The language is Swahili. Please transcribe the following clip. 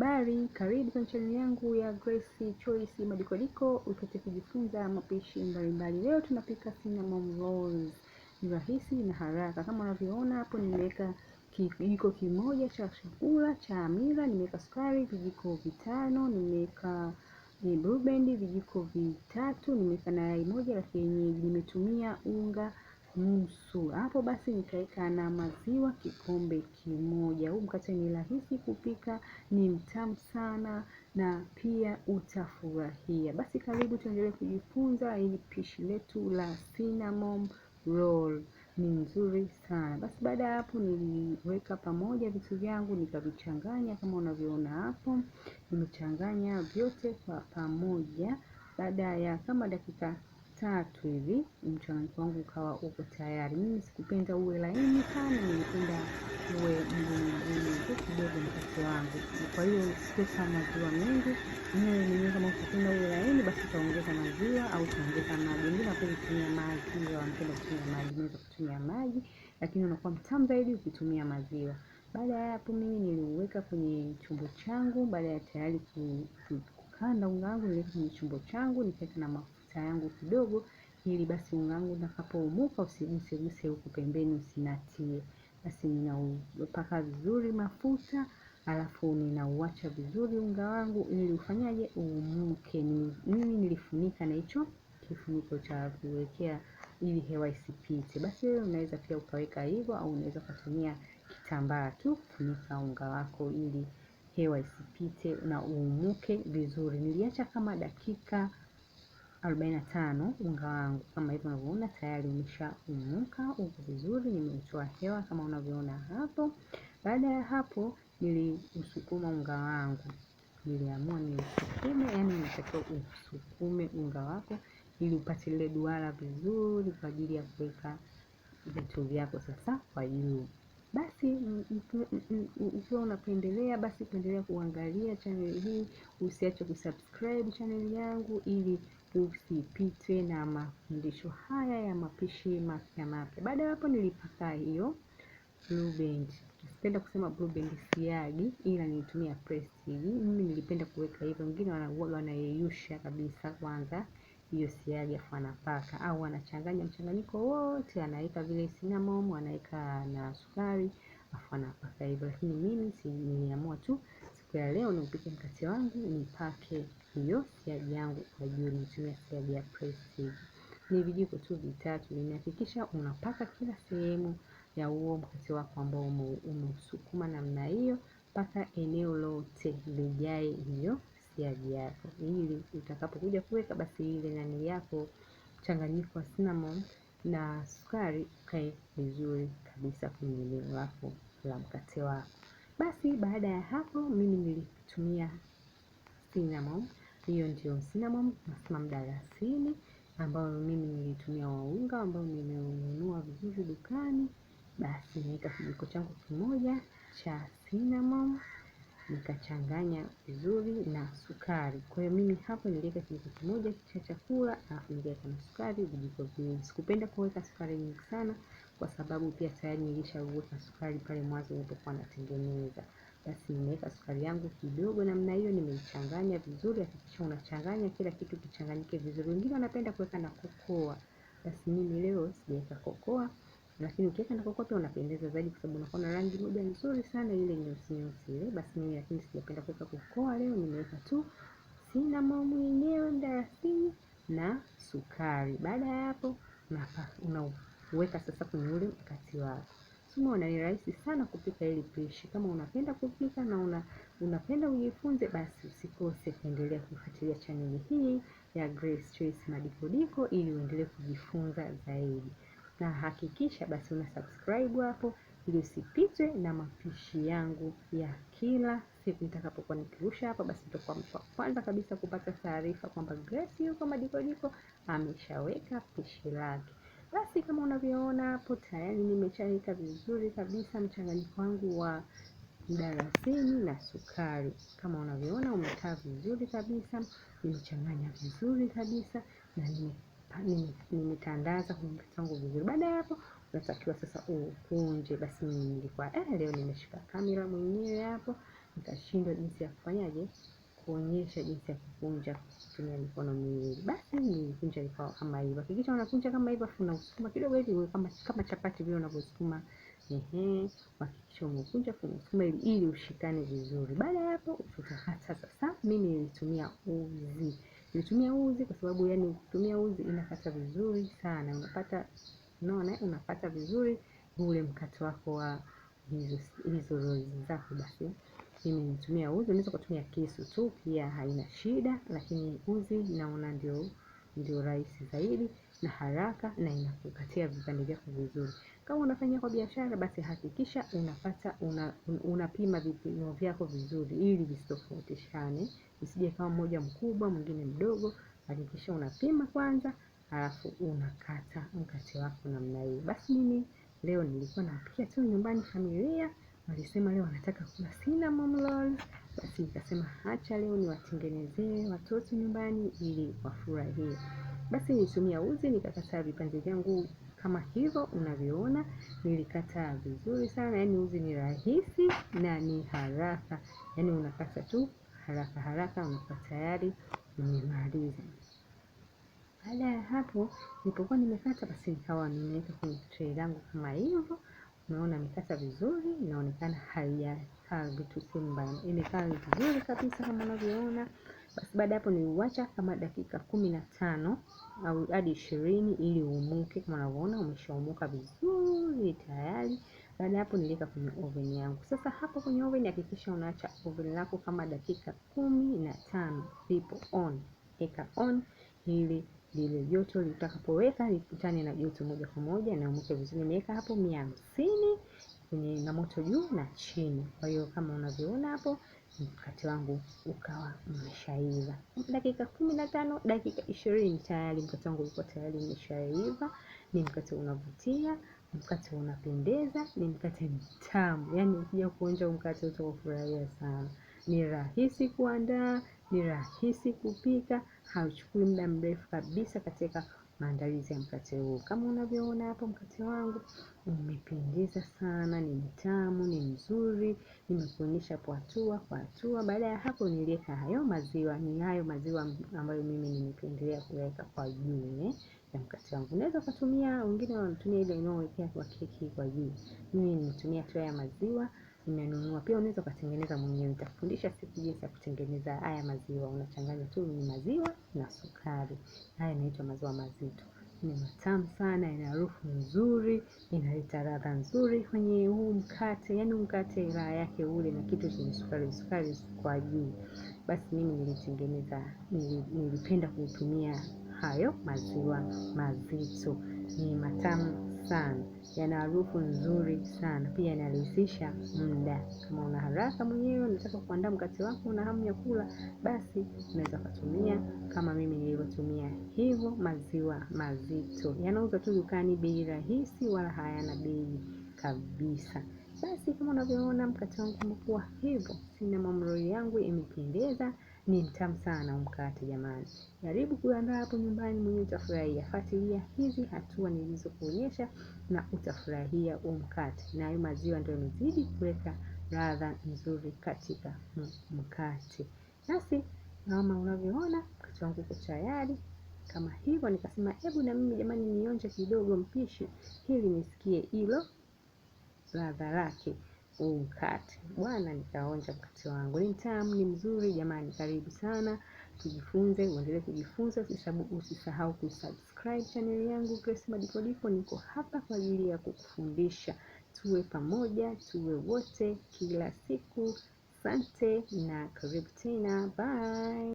Habari, karibu kwenye chaneli yangu ya Grace Choice madikodiko upate kujifunza mapishi mbalimbali. Leo tunapika cinnamon rolls, ni rahisi na haraka. Kama unavyoona hapo, nimeweka kijiko kimoja cha chakula cha hamira, nimeweka sukari vijiko vitano, nimeweka ni eh, bluebendi vijiko vitatu, nimeweka na yai moja la kienyeji, nimetumia unga nusu. Hapo basi nikaweka na maziwa kikombe kimoja. Huu mkate ni rahisi kupika, ni mtamu sana na pia utafurahia. Basi karibu tuendelee kujifunza ili pishi letu la cinnamon roll ni nzuri sana. Basi baada ya hapo, niliweka pamoja vitu vyangu nikavichanganya kama unavyoona hapo, nimechanganya vyote kwa pamoja. Baada ya kama dakika tatu hivi mchanganyiko wangu ukawa uko tayari. Mimi sikupenda uwe laini sana, nilipenda uwe mgumu mgumu tu kidogo mkate wangu. Kwa hiyo usipeka maziwa mengi, mimi mwenyewe kama ukipenda uwe laini, basi utaongeza maziwa au utaongeza maji. Mimi napenda kutumia maji, au napenda kutumia maji, naweza kutumia maji, lakini unakuwa mtamu zaidi ukitumia maziwa. Baada ya hapo, mimi niliuweka kwenye chombo changu. Baada ya tayari kukanda unga wangu, niliweka kwenye chombo changu, nikaweka na mafuta mafuta yangu kidogo, ili basi unga wangu utakapoumuka usiguseguse huku pembeni, usinatie. Basi ninaupaka vizuri mafuta alafu ninauacha vizuri unga wangu ili ufanyaje, uumuke. Mimi nilifunika na hicho kifuniko cha kuwekea ili hewa isipite. Basi wewe unaweza pia ukaweka hivyo, au unaweza ukatumia kitambaa tu kufunika unga wako ili hewa isipite na uumuke vizuri. Niliacha kama dakika 45 unga wangu. Kama hivyo unavyoona tayari umeshaumuka uko vizuri, nimeutoa hewa kama unavyoona hapo. Baada ya hapo, niliusukuma unga wangu, niliamua niusukume, yani unatakiwa usukume unga wako ili upate lile duara vizuri, kwa ajili ya kuweka vitu vyako sasa kwa juu basi ukiwa unapendelea basi pendelea kuangalia chaneli hii, usiache kusubscribe chaneli yangu ili usipitwe na mafundisho haya ya mapishi mapya mapya. Baada ya hapo nilipaka hiyo Blue Band. Sipenda kusema Blue Band siagi, ila nilitumia Prestige. Mimi nilipenda kuweka hivyo, wengine wanayeyusha kabisa kwanza hiyo siagi afu anapaka, au anachanganya mchanganyiko wote, anaweka vile cinnamon, anaweka na sukari afu anapaka hivyo. Lakini mimi si niliamua tu siku ya leo niupike mkate wangu nipake hiyo siagi yangu kwa juu, nitumia siagi ya Prestige. Ni vijiko tu vitatu, nimehakikisha unapaka kila sehemu ya huo mkate wako ambao umeusukuma namna hiyo, mpaka eneo lote lijae hiyo siagi yako, ili utakapokuja kuweka basi ile nani yako mchanganyiko wa cinnamon na sukari ukae vizuri kabisa kwenye eneo lako la mkate wako. Basi baada ya hapo, mimi nilitumia cinnamon, hiyo ndio cinnamon nasema mdalasini, ambayo mimi nilitumia waunga unga ambao nimeununua vizuri dukani. Basi naweka kijiko changu kimoja cha cinnamon nikachanganya vizuri na sukari. Kwa hiyo mimi hapo niliweka kijiko kimoja cha chakula, alafu niliweka na sukari vijiko viwili. Sikupenda kuweka sukari nyingi sana, kwa sababu pia tayari nilishaweka sukari pale mwanzo nilipokuwa natengeneza. Basi nimeweka sukari yangu kidogo namna hiyo, nimeichanganya vizuri. Hakikisha unachanganya kila kitu kichanganyike vizuri. Wengine wanapenda kuweka na kokoa, basi mimi leo sijaweka kokoa lakini ukiweka na kokoto unapendeza zaidi, kwa sababu unakuwa na rangi moja nzuri sana ile nyeusi nyeusi ile. Basi mimi lakini sijapenda kuweka kokoa leo, nimeweka tu cinnamon yenyewe, mdalasini na sukari. Baada ya hapo, unaweka sasa kwenye ule mkate wako. Umeona ni rahisi sana kupika hili pishi. Kama unapenda kupika na una, unapenda ujifunze, basi usikose kuendelea kufuatilia chaneli hii ya Grace Choice Madikodiko ili uendelee kujifunza zaidi na hakikisha basi una subscribe hapo ili usipitwe na mapishi yangu ya kila siku nitakapokuwa nikirusha hapa, basi utakuwa mtu wa kwanza kabisa kupata taarifa kwamba Grace yuko madikodiko ameshaweka pishi lake. Basi kama unavyoona hapo tayari nimechanika vizuri kabisa mchanganyiko wangu wa mdalasini na sukari. Kama unavyoona umekaa vizuri kabisa, nimechanganya vizuri kabisa na nime nimetandaza humpito wangu vizuri. Baada ya hapo, unatakiwa sasa ukunje. Basi mimi nilikuwa eh, leo nimeshika kamera mwenyewe hapo, nikashindwa jinsi ya kufanyaje kuonyesha jinsi ya kukunja kutumia mikono miwili. Basi nilikunja ikawa kama hivyo. Hakikisha unakunja kama hivyo, afu unasukuma kidogo hivi kama kama chapati vile unavyosukuma. Ehe, hakikisha umekunja afu unausukuma ili, ili ushikane vizuri. Baada ya hapo, utakaa sasa. Mimi nilitumia uzi Nitumia uzi kwa sababu yani kutumia uzi inakata vizuri sana, unapata unaona, unapata vizuri ule mkate wako wa hizo roll zako. Basi mimi nitumia uzi, unaweza kutumia kisu tu pia haina shida, lakini uzi naona ndio ndio rahisi zaidi na haraka na inakukatia vipande vyako vizuri. Kama unafanya kwa biashara, basi hakikisha unapata una, unapima vipimo vyako vizuri ili visitofautishane isije kama mmoja mkubwa mwingine mdogo. Hakikisha unapima kwanza, halafu unakata mkate wako namna hii. Basi mimi leo nilikuwa napikia tu nyumbani, familia walisema leo wanataka kula cinnamon roll. Basi nikasema acha leo niwatengenezee watoto nyumbani ili wafurahie. Basi nilitumia uzi nikakata vipande vyangu kama hivyo unavyoona, nilikata vizuri sana. Yani uzi ni rahisi na ni haraka, yani unakata tu haraka haraka unakuwa tayari nimemaliza. Baada ya hapo, nilipokuwa nimekata basi, nikawa nimeweka kwenye tray langu kama hivyo. Unaona nimekata vizuri, inaonekana haijakaa vitu sehemu, imekaa vizuri kabisa kama unavyoona. Basi baada hapo niuacha kama dakika kumi na tano au hadi ishirini ili uumuke. Kama unavyoona umeshaumuka vizuri tayari. Baada hapo niliweka kwenye oven yangu. Sasa hapo kwenye oven hakikisha unaacha oven lako kama dakika kumi na tano zipo on. Eka on ili lile joto litakapoweka likutane na joto moja kwa moja na umweke vizuri. Nimeweka hapo mia hamsini kwenye na moto juu na chini. Kwa hiyo kama unavyoona hapo mkate wangu ukawa umeshaiva. Dakika kumi na tano dakika ishirini tayari mkate wangu ulikuwa tayari umeshaiva. Ni mkate unavutia. Mkate unapendeza, ni mkate mtamu, yaani ukija kuonja mkate utaufurahia sana. Ni rahisi kuandaa, ni rahisi kupika, hauchukui muda mrefu kabisa katika maandalizi ya mkate huu. Kama unavyoona hapo, mkate wangu umependeza sana, ni mtamu, ni mzuri, nimekuonyesha kwa hatua kwa hatua. Baada ya hapo, niliweka hayo maziwa, ni hayo maziwa ambayo mimi nimependelea kuweka kwa juu eh ya mkate wangu. Unaweza ukatumia, wengine wanatumia ile inayowekea kwa keki kwa juu. Mimi nimetumia tu ya maziwa nimenunua. Pia unaweza ukatengeneza mwenyewe, nitakufundisha siku jinsi ya kutengeneza haya maziwa. Unachanganya tu ni maziwa na sukari. Haya yanaitwa maziwa mazito, ni matamu sana, ina harufu nzuri, inaleta ladha nzuri kwenye huu mkate. Yaani mkate raha yake ule na kitu chenye sukari sukari kwa juu. Basi mimi nilitengeneza, nilipenda kuitumia hayo maziwa mazito. Ni matamu sana, yana harufu nzuri sana, pia yanarahisisha muda. Kama una haraka mwenyewe, unataka kuandaa mkate wako, una hamu ya kula, basi unaweza kutumia kama mimi nilivyotumia hivyo. Maziwa mazito yanauzwa tu dukani, bei rahisi, wala hayana bei kabisa. Basi kama unavyoona mkate wangu umekuwa hivyo, sina mamroi yangu imependeza. Ni mtamu sana mkate jamani. Jaribu kuandaa hapo nyumbani mwenyewe utafurahia. Fuatilia hizi hatua nilizokuonyesha na utafurahia huu mkate. Na hayo maziwa ndio yamezidi kuweka ladha nzuri katika mkate. Basi kama unavyoona mkate wangu uko tayari. Kama hivyo nikasema hebu na mimi jamani nionje kidogo mpishi ili nisikie hilo ladha lake huu mkate bwana, nikaonja mkate wangu ni mtamu, ni mzuri jamani. Karibu sana tujifunze, uendelee kujifunza. Usisahau kusubscribe chaneli yangu Grace Madipodipo, niko hapa kwa ajili ya kukufundisha. Tuwe pamoja, tuwe wote kila siku. Asante na karibu tena, bye.